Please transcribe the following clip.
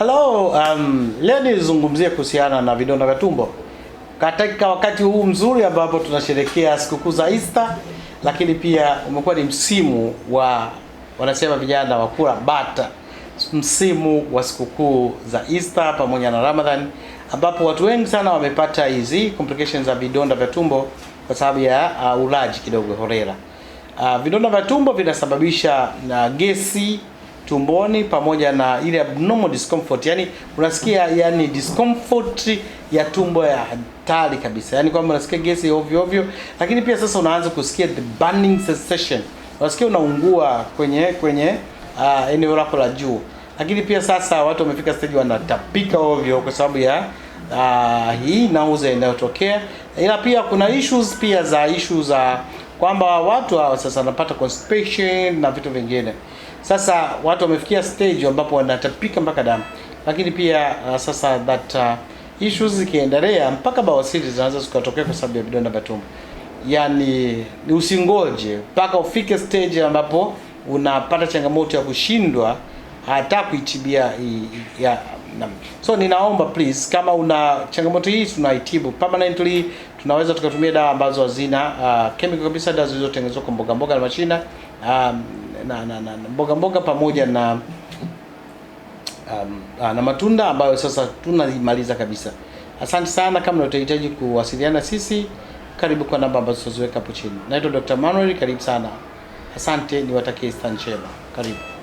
Hello, um, leo nizungumzie kuhusiana na vidonda vya tumbo katika wakati huu mzuri ambapo tunasherehekea sikukuu za Easter, lakini pia umekuwa ni msimu wa wanasema vijana wa kula bata, msimu wa sikukuu za Easter pamoja na Ramadhan, ambapo watu wengi sana wamepata hizi complications za vidonda vya tumbo kwa sababu ya uh, ulaji kidogo holela. Uh, vidonda vya tumbo vinasababisha na uh, gesi tumboni pamoja na ile abnormal discomfort, yani unasikia yani discomfort ya tumbo ya hatari kabisa, yani kwamba unasikia gesi ovyo ovyo, lakini pia sasa unaanza kusikia the burning sensation, unasikia unaungua kwenye kwenye uh, eneo lako la juu, lakini pia sasa watu wamefika stage wanatapika ovyo kwa sababu ya uh, hii nauza inayotokea, ila pia kuna issues pia za issues za uh, kwamba watu hawa sasa wanapata constipation na vitu vingine. Sasa watu wamefikia stage ambapo wanatapika mpaka damu, lakini pia uh, sasa that uh, issues zikiendelea mpaka bawasiri zinaanza zikatokea kwa sababu ya vidonda vya tumbo. Yani ni usingoje mpaka ufike stage ambapo unapata changamoto ya kushindwa hata kuitibia ya Naam. So ninaomba please kama una changamoto hii tunaitibu permanently, tunaweza tukatumia dawa ambazo hazina uh, chemical kabisa, dawa zilizotengenezwa kwa mboga mboga na machina um, na, na, na, mboga mboga pamoja na um, uh, na matunda ambayo sasa tunamaliza kabisa. Asante sana. Kama unahitaji kuwasiliana sisi, karibu kwa namba ambazo tutaziweka hapo chini. Naitwa Dr. Manuel, karibu sana. Asante, niwatakie stanchema Karibu.